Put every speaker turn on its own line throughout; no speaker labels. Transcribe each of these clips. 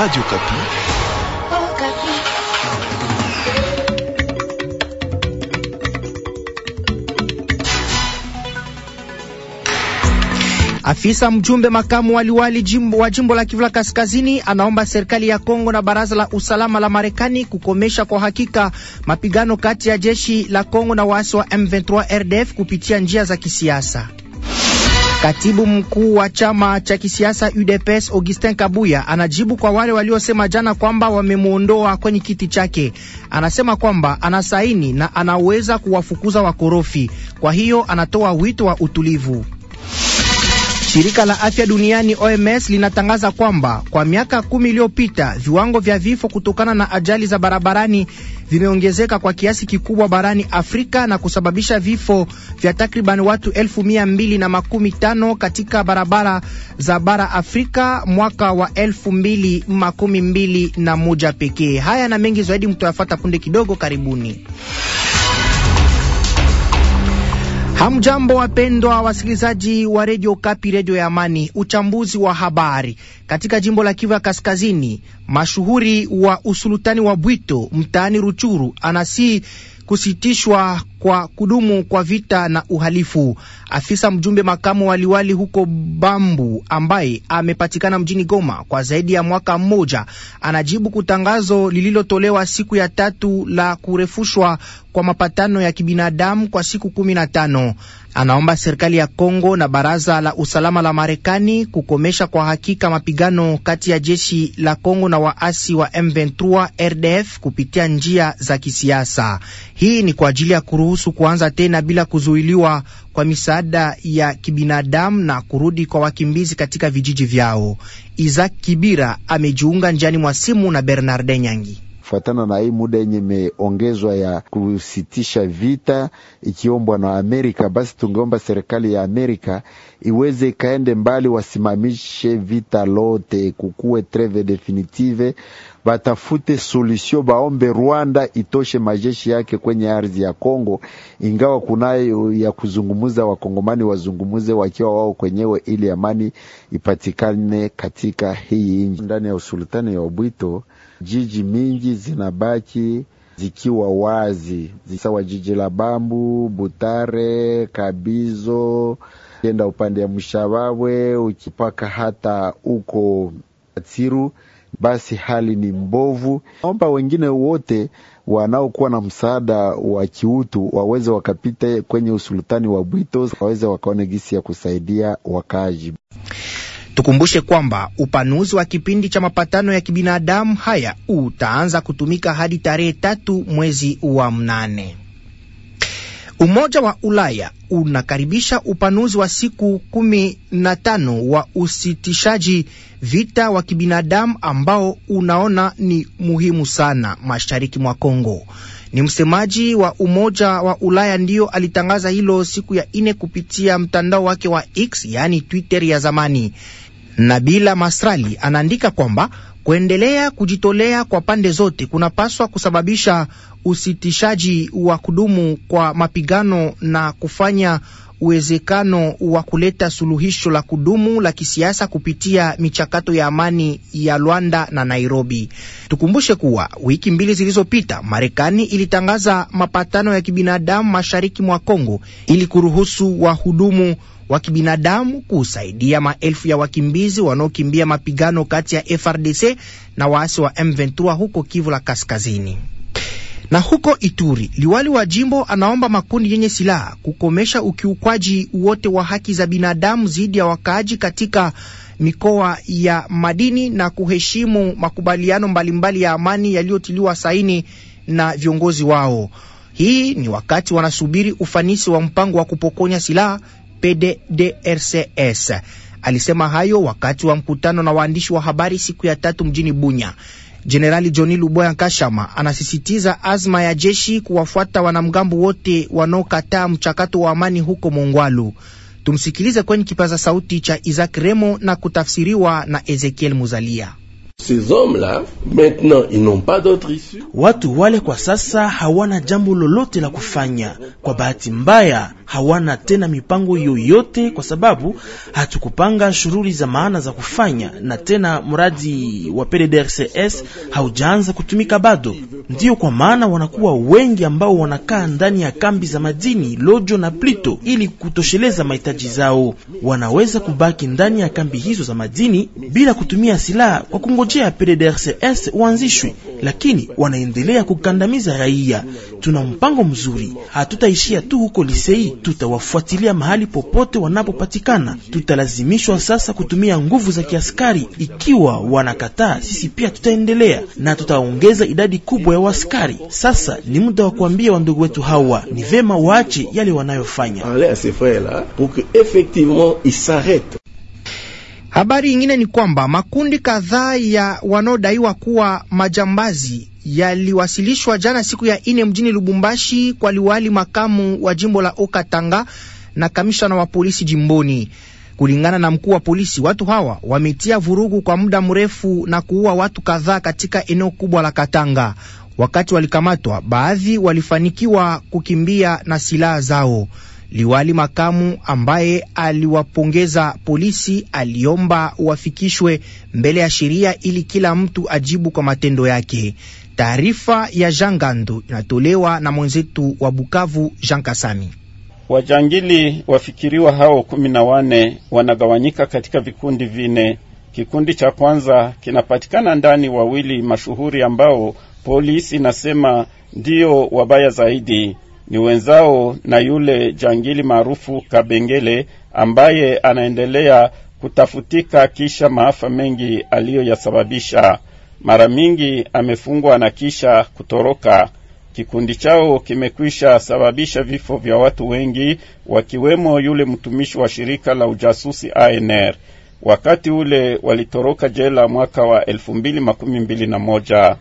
Radio oh, Kapi.
Afisa mjumbe makamu waliwali jimbo wa jimbo la Kivu la Kaskazini anaomba serikali ya Kongo na baraza la usalama la Marekani kukomesha kwa hakika mapigano kati ya jeshi la Kongo na waasi wa M23 RDF kupitia njia za kisiasa. Katibu mkuu wa chama cha kisiasa UDPS Augustin Kabuya anajibu kwa wale waliosema jana kwamba wamemwondoa kwenye kiti chake. Anasema kwamba anasaini na anaweza kuwafukuza wakorofi, kwa hiyo anatoa wito wa utulivu. Shirika la afya duniani OMS linatangaza kwamba kwa miaka kumi iliyopita viwango vya vifo kutokana na ajali za barabarani vimeongezeka kwa kiasi kikubwa barani Afrika na kusababisha vifo vya takriban watu elfu mia mbili na makumi tano katika barabara za bara Afrika mwaka wa elfu mbili makumi mbili na moja pekee. Haya na mengi zaidi mtoyafata punde kidogo. Karibuni. Hamjambo, wapendwa wasikilizaji wa redio Kapi, redio ya Amani. Uchambuzi wa habari katika jimbo la Kivu ya Kaskazini. Mashuhuri wa usulutani wa Bwito mtaani Ruchuru anasii kusitishwa kwa kudumu kwa vita na uhalifu. Afisa mjumbe makamu waliwali huko Bambu, ambaye amepatikana mjini Goma kwa zaidi ya mwaka mmoja, anajibu kutangazo lililotolewa siku ya tatu la kurefushwa kwa mapatano ya kibinadamu kwa siku kumi na tano. Anaomba serikali ya Kongo na baraza la usalama la Marekani kukomesha kwa hakika mapigano kati ya jeshi la Kongo na waasi wa M23 RDF kupitia njia za kisiasa. Hii ni kwa ajili ya kuru kuruhusu kuanza tena bila kuzuiliwa kwa misaada ya kibinadamu na kurudi kwa wakimbizi katika vijiji vyao. Isaac Kibira amejiunga njiani mwa simu na bernard Nyangi.
Fuatana na hii muda yenye imeongezwa ya kusitisha vita ikiombwa na Amerika, basi tungeomba serikali ya Amerika iweze ikaende mbali, wasimamishe vita lote, kukuwe treve definitive batafute solution, baombe Rwanda itoshe majeshi yake kwenye ardhi ya Kongo, ingawa kunayo ya kuzungumza wakongomani wazungumuze wakiwa wao kwenyewe, ili amani ipatikane katika hii nchi. Ndani ya usultani ya bwito jiji mingi zinabaki zikiwa wazi zisawa jiji la Bambu, Butare, Kabizo, kenda upande ya Mshabawe ukipaka hata uko Atsiru basi hali ni mbovu. Naomba wengine wote wanaokuwa na msaada wa kiutu waweze wakapita kwenye usultani wa Bwito, waweze wakaone gisi ya kusaidia wakaaji. Tukumbushe kwamba upanuzi wa
kipindi cha mapatano ya kibinadamu haya utaanza kutumika hadi tarehe tatu mwezi wa mnane. Umoja wa Ulaya unakaribisha upanuzi wa siku kumi na tano wa usitishaji vita wa kibinadamu ambao unaona ni muhimu sana mashariki mwa Kongo. Ni msemaji wa Umoja wa Ulaya ndiyo alitangaza hilo siku ya ine kupitia mtandao wake wa X, yaani Twitter ya zamani. Nabila Masrali anaandika kwamba Kuendelea kujitolea kwa pande zote kunapaswa kusababisha usitishaji wa kudumu kwa mapigano na kufanya uwezekano wa kuleta suluhisho la kudumu la kisiasa kupitia michakato ya amani ya Luanda na Nairobi. Tukumbushe kuwa wiki mbili zilizopita Marekani ilitangaza mapatano ya kibinadamu mashariki mwa Kongo ili kuruhusu wahudumu wa kibinadamu kusaidia maelfu ya wakimbizi wanaokimbia mapigano kati ya FRDC na waasi wa M23 huko Kivu la Kaskazini. Na huko Ituri, liwali wa jimbo anaomba makundi yenye silaha kukomesha ukiukwaji wote wa haki za binadamu dhidi ya wakaaji katika mikoa ya madini na kuheshimu makubaliano mbalimbali ya amani yaliyotiliwa saini na viongozi wao. Hii ni wakati wanasubiri ufanisi wa mpango wa kupokonya silaha PDDRCS. Alisema hayo wakati wa mkutano na waandishi wa habari siku ya tatu mjini Bunya. Jenerali Johnny Luboya Nkashama anasisitiza azma ya jeshi kuwafuata wanamgambo wote wanaokataa mchakato wa amani huko Mongwalu. Tumsikilize kwenye kipaza sauti cha Isaac Remo na kutafsiriwa na Ezekiel Muzalia. Watu wale kwa sasa
hawana jambo lolote la kufanya. Kwa bahati mbaya, hawana tena mipango yoyote, kwa sababu hatukupanga shughuli za maana za kufanya, na tena mradi wa PDDRCS haujaanza kutumika bado. Ndiyo kwa maana wanakuwa wengi ambao wanakaa ndani ya kambi za madini Lojo na Plito ili kutosheleza mahitaji zao. Wanaweza kubaki ndani ya kambi hizo za madini bila kutumia silaha kwa kungo teknolojia ya PDDRCS uanzishwe, lakini wanaendelea kukandamiza raia. Tuna mpango mzuri, hatutaishia tu huko lisei, tutawafuatilia mahali popote wanapopatikana. Tutalazimishwa sasa kutumia nguvu za kiaskari. Ikiwa wanakataa, sisi pia tutaendelea na tutaongeza idadi kubwa ya waskari. Sasa ni muda wa kuambia wandugu wetu hawa ni vema waache yale wanayofanya.
Habari nyingine ni kwamba makundi kadhaa ya wanaodaiwa kuwa majambazi yaliwasilishwa jana siku ya ine mjini Lubumbashi kwa liwali makamu wa jimbo la Okatanga na kamishana wa polisi jimboni. Kulingana na mkuu wa polisi, watu hawa wametia vurugu kwa muda mrefu na kuua watu kadhaa katika eneo kubwa la Katanga. Wakati walikamatwa, baadhi walifanikiwa kukimbia na silaha zao. Liwali makamu ambaye aliwapongeza polisi aliomba wafikishwe mbele ya sheria ili kila mtu ajibu kwa matendo yake. Taarifa ya Jean Gandu inatolewa na mwenzetu wa Bukavu, Jean Kasami.
Wajangili wafikiriwa hao kumi na wane wanagawanyika katika vikundi vine. Kikundi cha kwanza kinapatikana ndani wawili mashuhuri ambao polisi inasema ndio wabaya zaidi ni wenzao na yule jangili maarufu Kabengele ambaye anaendelea kutafutika kisha maafa mengi aliyoyasababisha. Mara mingi amefungwa na kisha kutoroka. Kikundi chao kimekwisha sababisha vifo vya watu wengi, wakiwemo yule mtumishi wa shirika la ujasusi ANR. Wakati ule walitoroka jela mwaka wa elfu mbili makumi mbili na moja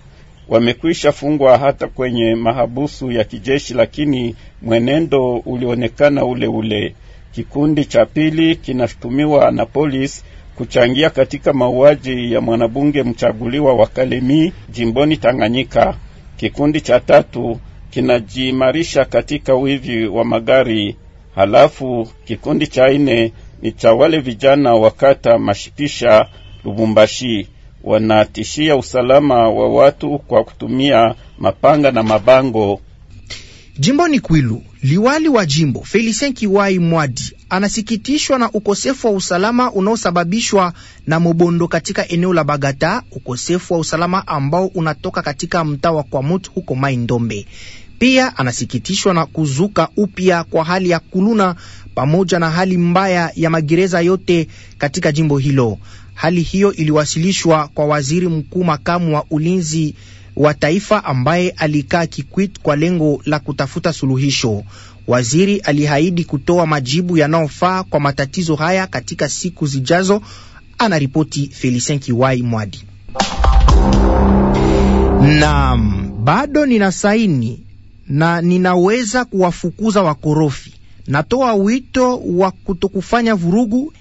wamekwisha fungwa hata kwenye mahabusu ya kijeshi, lakini mwenendo ulionekana ule ule. Kikundi cha pili kinashutumiwa na polisi kuchangia katika mauaji ya mwanabunge mchaguliwa wa Kalemi jimboni Tanganyika. Kikundi cha tatu kinajiimarisha katika wivi wa magari. Halafu kikundi cha nne ni cha wale vijana wa kata Mashipisha Lubumbashi wanatishia usalama wa watu kwa kutumia mapanga na mabango.
Jimboni Kwilu, liwali wa jimbo Felicien Kiwai Mwadi anasikitishwa na ukosefu wa usalama unaosababishwa na mobondo katika eneo la Bagata, ukosefu wa usalama ambao unatoka katika mtaa wa Kwamut huko Mai Ndombe. Pia anasikitishwa na kuzuka upya kwa hali ya kuluna pamoja na hali mbaya ya magereza yote katika jimbo hilo. Hali hiyo iliwasilishwa kwa waziri mkuu makamu wa ulinzi wa taifa ambaye alikaa Kikwit kwa lengo la kutafuta suluhisho. Waziri aliahidi kutoa majibu yanayofaa kwa matatizo haya katika siku zijazo, anaripoti Felicien Kiwai Mwadi. Naam, bado nina saini na ninaweza kuwafukuza wakorofi. Natoa wito wa kutokufanya vurugu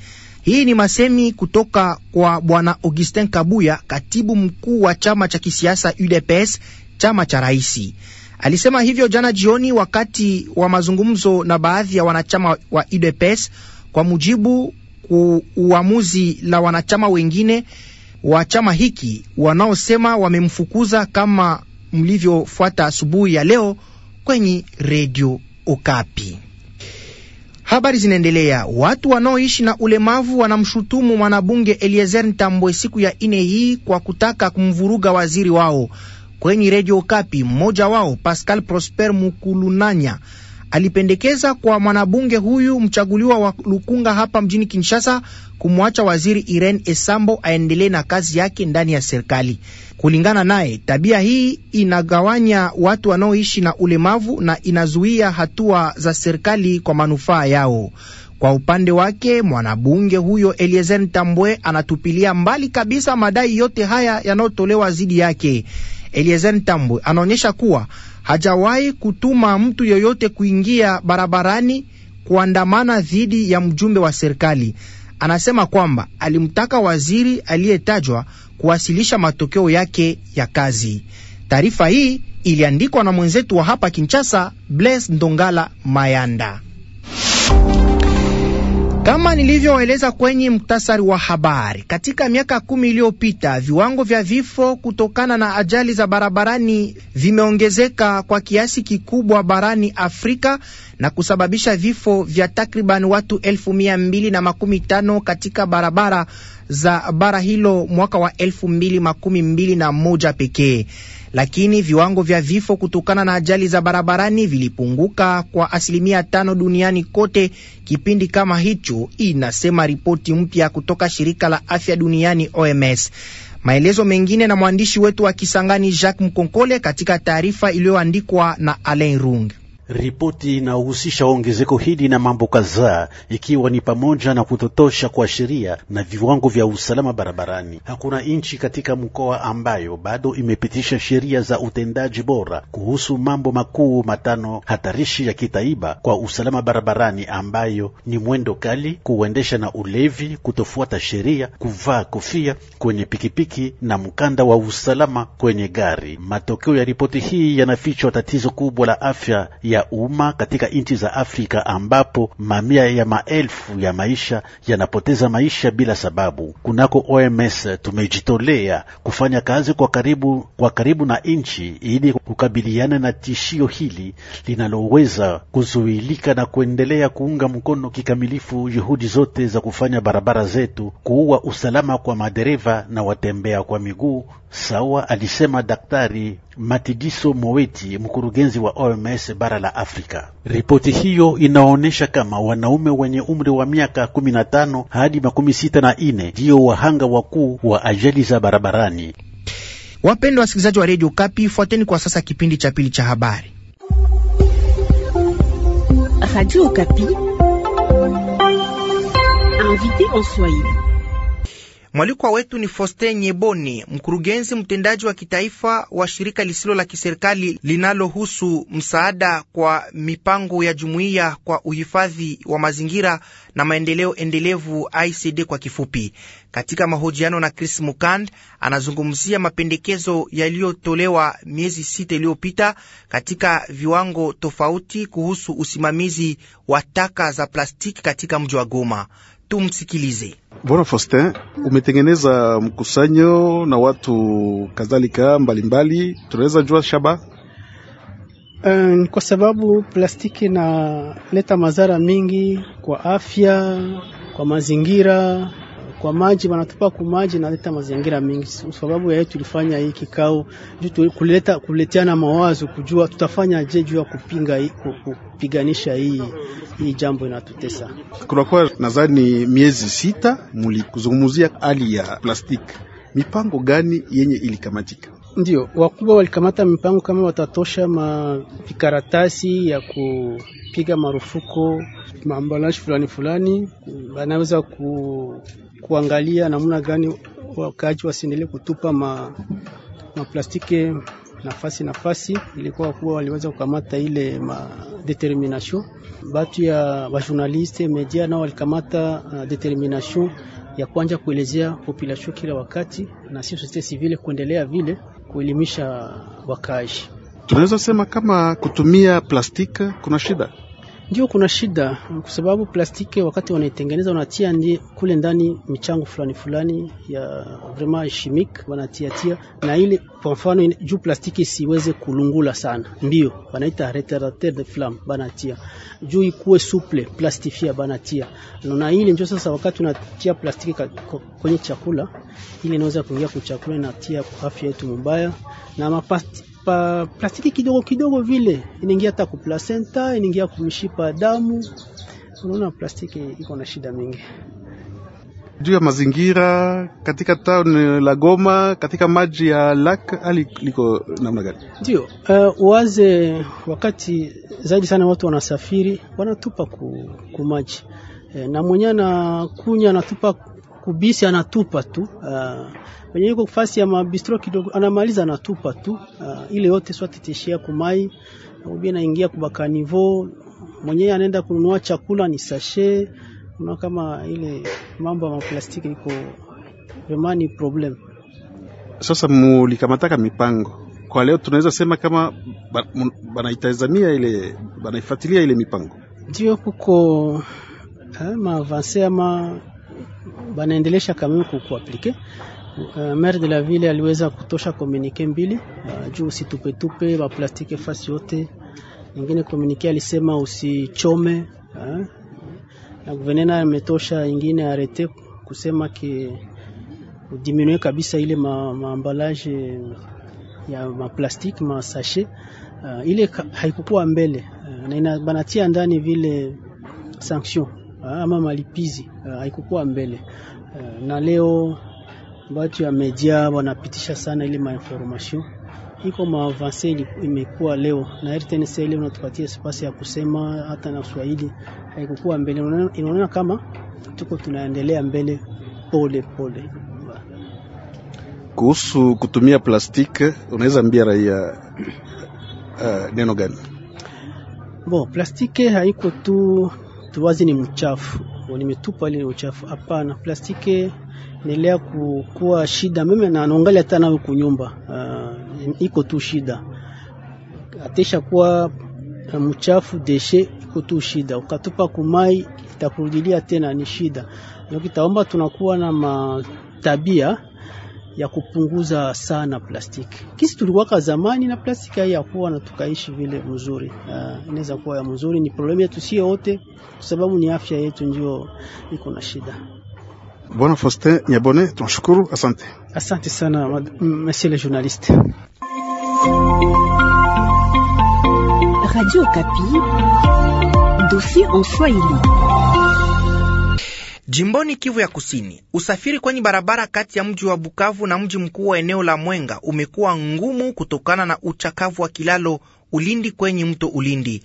hii ni masemi kutoka kwa bwana Augustin Kabuya, katibu mkuu wa chama cha kisiasa UDPS, chama cha rais. Alisema hivyo jana jioni wakati wa mazungumzo na baadhi ya wanachama wa UDPS kwa mujibu uamuzi la wanachama wengine wa chama hiki wanaosema wamemfukuza kama mlivyofuata asubuhi ya leo kwenye redio Okapi. Habari zinaendelea. Watu wanaoishi na ulemavu wanamshutumu mwanabunge Eliezer Ntambwe siku ya ine hii kwa kutaka kumvuruga waziri wao. Kwenye redio Kapi, mmoja wao Pascal Prosper Mukulunanya alipendekeza kwa mwanabunge huyu mchaguliwa wa Lukunga hapa mjini Kinshasa kumwacha waziri Irene Esambo aendelee na kazi yake ndani ya serikali. Kulingana naye, tabia hii inagawanya watu wanaoishi na ulemavu na inazuia hatua za serikali kwa manufaa yao. Kwa upande wake mwanabunge huyo Eliezer Ntambwe anatupilia mbali kabisa madai yote haya yanayotolewa dhidi yake. Eliezer Ntambwe anaonyesha kuwa hajawahi kutuma mtu yoyote kuingia barabarani kuandamana dhidi ya mjumbe wa serikali. Anasema kwamba alimtaka waziri aliyetajwa kuwasilisha matokeo yake ya kazi. Taarifa hii iliandikwa na mwenzetu wa hapa Kinshasa, Blaise Ndongala Mayanda. Kama nilivyoeleza kwenye mktasari wa habari, katika miaka kumi iliyopita viwango vya vifo kutokana na ajali za barabarani vimeongezeka kwa kiasi kikubwa barani Afrika na kusababisha vifo vya takriban watu elfu mia mbili na makumi tano katika barabara za bara hilo mwaka wa elfu mbili makumi mbili na moja pekee, lakini viwango vya vifo kutokana na ajali za barabarani vilipunguka kwa asilimia tano duniani kote kipindi kama hicho, inasema ripoti mpya kutoka shirika la afya duniani OMS. Maelezo mengine na mwandishi wetu wa Kisangani Jacques Mkonkole katika taarifa iliyoandikwa na Alain Rung.
Ripoti inahusisha ongezeko hili na mambo kadhaa, ikiwa ni pamoja na kutotosha kwa sheria na viwango vya usalama barabarani. Hakuna nchi katika mkoa ambayo bado imepitisha sheria za utendaji bora kuhusu mambo makuu matano hatarishi ya kitaiba kwa usalama barabarani, ambayo ni mwendo kali, kuendesha na ulevi, kutofuata sheria, kuvaa kofia kwenye pikipiki na mkanda wa usalama kwenye gari. Matokeo ya ripoti hii yanafichwa tatizo kubwa la afya ya ya umma katika nchi za Afrika ambapo mamia ya maelfu ya maisha yanapoteza maisha bila sababu. Kunako OMS tumejitolea kufanya kazi kwa karibu, kwa karibu na nchi ili kukabiliana na tishio hili linaloweza kuzuilika na kuendelea kuunga mkono kikamilifu juhudi zote za kufanya barabara zetu kuua usalama kwa madereva na watembea kwa miguu sawa alisema Daktari Matidiso Moweti, mkurugenzi wa OMS bara la Afrika. Ripoti hiyo inaonyesha kama wanaume wenye umri wa miaka 15 hadi makumi sita na ine ndiyo wahanga wakuu wa ajali za
barabarani. Wapendwa wasikilizaji wa redio Kapi, fuateni kwa sasa kipindi cha pili cha habari. Radio Kapi invité en Swahili Mwalikwa wetu ni Foste Nyeboni, mkurugenzi mtendaji wa kitaifa wa shirika lisilo la kiserikali linalohusu msaada kwa mipango ya jumuiya kwa uhifadhi wa mazingira na maendeleo endelevu, ICD kwa kifupi. Katika mahojiano na Chris Mukand, anazungumzia mapendekezo yaliyotolewa miezi sita iliyopita katika viwango tofauti kuhusu usimamizi wa taka za plastiki katika mji wa Goma. Tumsikilize.
Bwana Faustin, umetengeneza mkusanyo na watu kadhalika mbalimbali, tunaweza jua shaba
um, kwa sababu plastiki inaleta madhara mingi kwa afya, kwa mazingira kwa maji, wanatupa ku maji naleta mazingira mingi. Sababu ya tulifanya hii kikao juu kuleta kuleteana mawazo, kujua tutafanya je juu ya kupinga kupiganisha hii hii jambo inatutesa.
Kunakuwa nadhani miezi sita mlikuzungumzia hali ya plastiki, mipango gani yenye ilikamatika?
Ndio wakubwa walikamata mipango kama watatosha mavikaratasi ya kupiga marufuku mambalashi fulani fulani, wanaweza ku kuangalia namna gani wakaaji wasiendelee kutupa ma, maplastiki nafasi nafasi, ilikuwa kuwa waliweza kukamata ile ma determination batu ya bajurnaliste media nao walikamata uh, determination ya kwanja kuelezea population kila wakati, na si sote civile kuendelea vile kuelimisha wakaaji.
Tunaweza sema kama kutumia plastika kuna shida
ndio kuna shida, kwa sababu plastiki wakati wanaitengeneza wanatia ndi kule ndani michango fulani fulani ya vraiment chimique wanatia tia, na ile kwa mfano juu plastiki siweze kulungula sana, ndio wanaita retardateur de flamme banatia juu ikuwe souple plastifia banatia na ile ndio sasa, wakati unatia plastiki kwenye chakula ile inaweza kuingia kwa chakula tia kwa afya yetu mbaya na mapati pa plastiki kidogo kidogo vile inaingia hata ku placenta, inaingia kumshipa damu. Unaona plastiki iko na shida mingi
juu ya mazingira katika town la Goma, katika maji ya lak hali liko namna gani?
Ndio uh, eh, waze wakati zaidi sana watu wanasafiri wanatupa ku, ku maji e, na mwenye na kunya anatupa kubisi anatupa tu uh, iko fasi ya mabistro kidogo anamaliza anatupa tu uh, ile yote tishia kumai ubi naingia kubaka nivo mwenyewe anaenda kununua chakula ni sashe una kama ile mambo ya maplastiki iko remani problem.
Sasa mulikamataka mipango kwa leo, tunaweza sema kama banaitazamia ile banaifuatilia ile mipango ndio kuko eh,
maavanse ama banaendelesha ku kukuaplike. Uh, maire de la ville aliweza kutosha communique mbili uh, juu usitupetupe plastique fasi yote. Ingine communique alisema usichome uh, na guvernena ametosha ingine arete kusema ki udiminue kabisa ile ma, ma ya ma sachet uh, ile haikukuwa mbele uh, na banatia ndani vile sanction Ah, ama malipizi eh, haikukuwa mbele, eh, na leo batu ya media wanapitisha sana ile mainformation iko maavanse imekuwa leo na RTNC leo natupatia spasi ya kusema hata na Kiswahili haikukuwa mbele. Inaonekana kama tuko tunaendelea mbele pole pole.
Kuhusu kutumia plastike unaweza ambia raia uh, neno gani?
bon plastike haiko tu tuwazi ni mchafu nimetupa ile uchafu. Hapana, plastiki nilea kukuwa shida, mimi na naangalia hata nawe kunyumba uh, ah, iko tu shida, atesha kuwa mchafu deshe iko tu shida, ukatupa kumai itakurudilia tena, ni shida. Ndio kitaomba tunakuwa na matabia ya kupunguza sana plastiki. Kisi tuliwaka zamani na plastiki hai yakuwa na tukaishi vile mzuri. Uh, inaweza kuwa ya mzuri, ni problemu yetu sie wote, kwa sababu ni afya yetu ndio iko na shida.
Bwana Faustin Nyabone, tunashukuru, asante. Asante sana
monsieur le journaliste.
Radio Kapi, dossier en Swahili. Jimboni Kivu ya Kusini, usafiri kwenye barabara kati ya mji wa Bukavu na mji mkuu wa eneo la Mwenga umekuwa ngumu kutokana na uchakavu wa kilalo Ulindi kwenye mto Ulindi.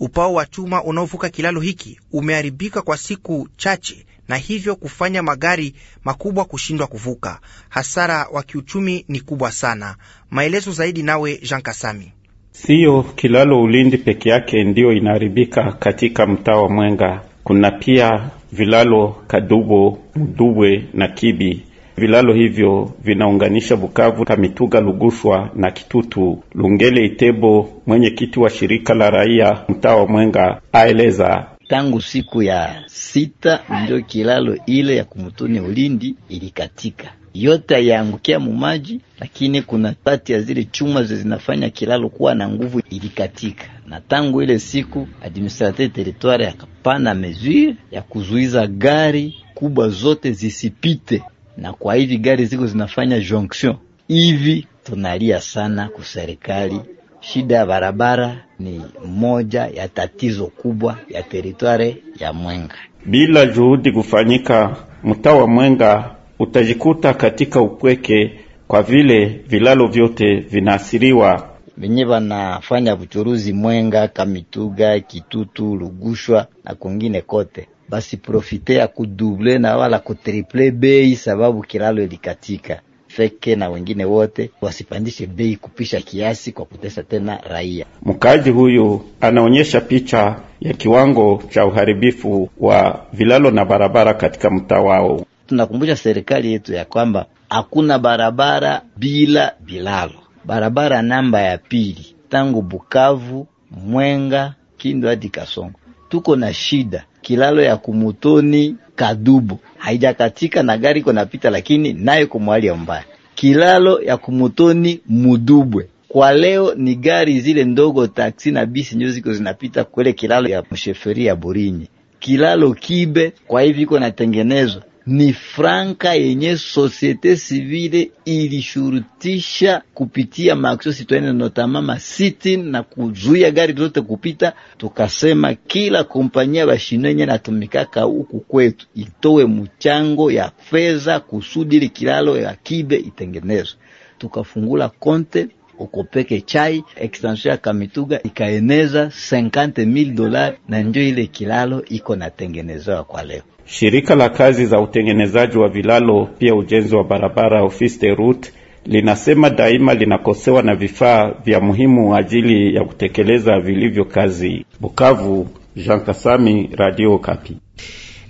Upao wa chuma unaovuka kilalo hiki umeharibika kwa siku chache, na hivyo kufanya magari makubwa kushindwa kuvuka. Hasara wa kiuchumi ni kubwa sana. Maelezo zaidi nawe Jean Kasami.
Siyo kilalo Ulindi peke yake ndiyo inaharibika katika mtaa wa Mwenga kuna pia vilalo Kadubo, Mdubwe na Kibi. Vilalo hivyo vinaunganisha Bukavu, Kamituga, Lugushwa na Kitutu. Lungele Itebo, mwenyekiti wa shirika la raia mtaa wa Mwenga, aeleza tangu siku ya sita
ndio kilalo ile ya kumutuni Ulindi ilikatika yote ayaangukia mumaji, lakini kuna pati ya zile chuma zinafanya kilalo kuwa na nguvu ilikatika, na tangu ile siku administrateur territoire akapana mesure ya kuzuiza gari kubwa zote zisipite, na kwa hivi gari ziko zinafanya jonction hivi. Tunalia sana kuserikali. Shida ya barabara ni moja ya tatizo kubwa ya teritware
ya Mwenga. Bila juhudi kufanyika, mtaa wa Mwenga utajikuta katika upweke, kwa vile vilalo vyote vinaathiriwa. Venye vanafanya vuchuruzi
Mwenga, Kamituga, Kitutu, Lugushwa na kwengine kote basi profite ya kuduble na wala kutriple bei, sababu kilalo ilikatika. Feke na wengine wote wasipandishe bei kupisha kiasi, kwa kutesa tena raia.
Mkaaji huyu anaonyesha picha ya kiwango cha uharibifu wa vilalo na barabara katika mtaa wao tunakumbusha serikali yetu ya kwamba hakuna barabara
bila bilalo. Barabara namba ya pili tangu Bukavu, Mwenga, Kindu hadi Kasongo, tuko na shida. Kilalo ya Kumutoni Kadubo haijakatika na gari iko napita, lakini nayo iko mwali ya mbaya. Kilalo ya Kumutoni Mudubwe kwa leo ni gari zile ndogo taksi na bisi ndio ziko zinapita kwele kilalo ya msheferi ya Burinyi. Kilalo Kibe kwa hivi iko natengenezwa ni franka yenye sosiete sivile ilishurutisha kupitia maaksio sitwene notama masiti na kuzuia gari zote kupita. Tukasema kila kompanyia bashinenye natumikaka huku kwetu itowe mchango ya fedha kusudi ili kilalo ya kibe itengenezwe. Tukafungula konte ukopeke chai extension ya Kamituga ikaeneza 50000 dola, na ndio ile kilalo iko natengenezewa kwa leo.
Shirika la kazi za utengenezaji wa vilalo pia ujenzi wa barabara ofisi de route linasema daima linakosewa na vifaa vya muhimu ajili ya kutekeleza vilivyo kazi. Bukavu, Jean Kasami, Radio Kapi.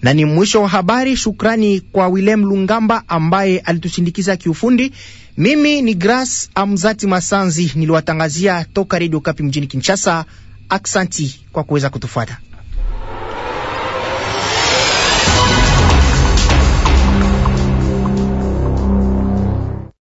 Na ni mwisho wa habari. Shukrani kwa Willem Lungamba ambaye alitushindikiza kiufundi. Mimi ni Grace Amzati Masanzi, niliwatangazia toka Redio Kapi mjini Kinshasa. Aksanti kwa kuweza kutufuata.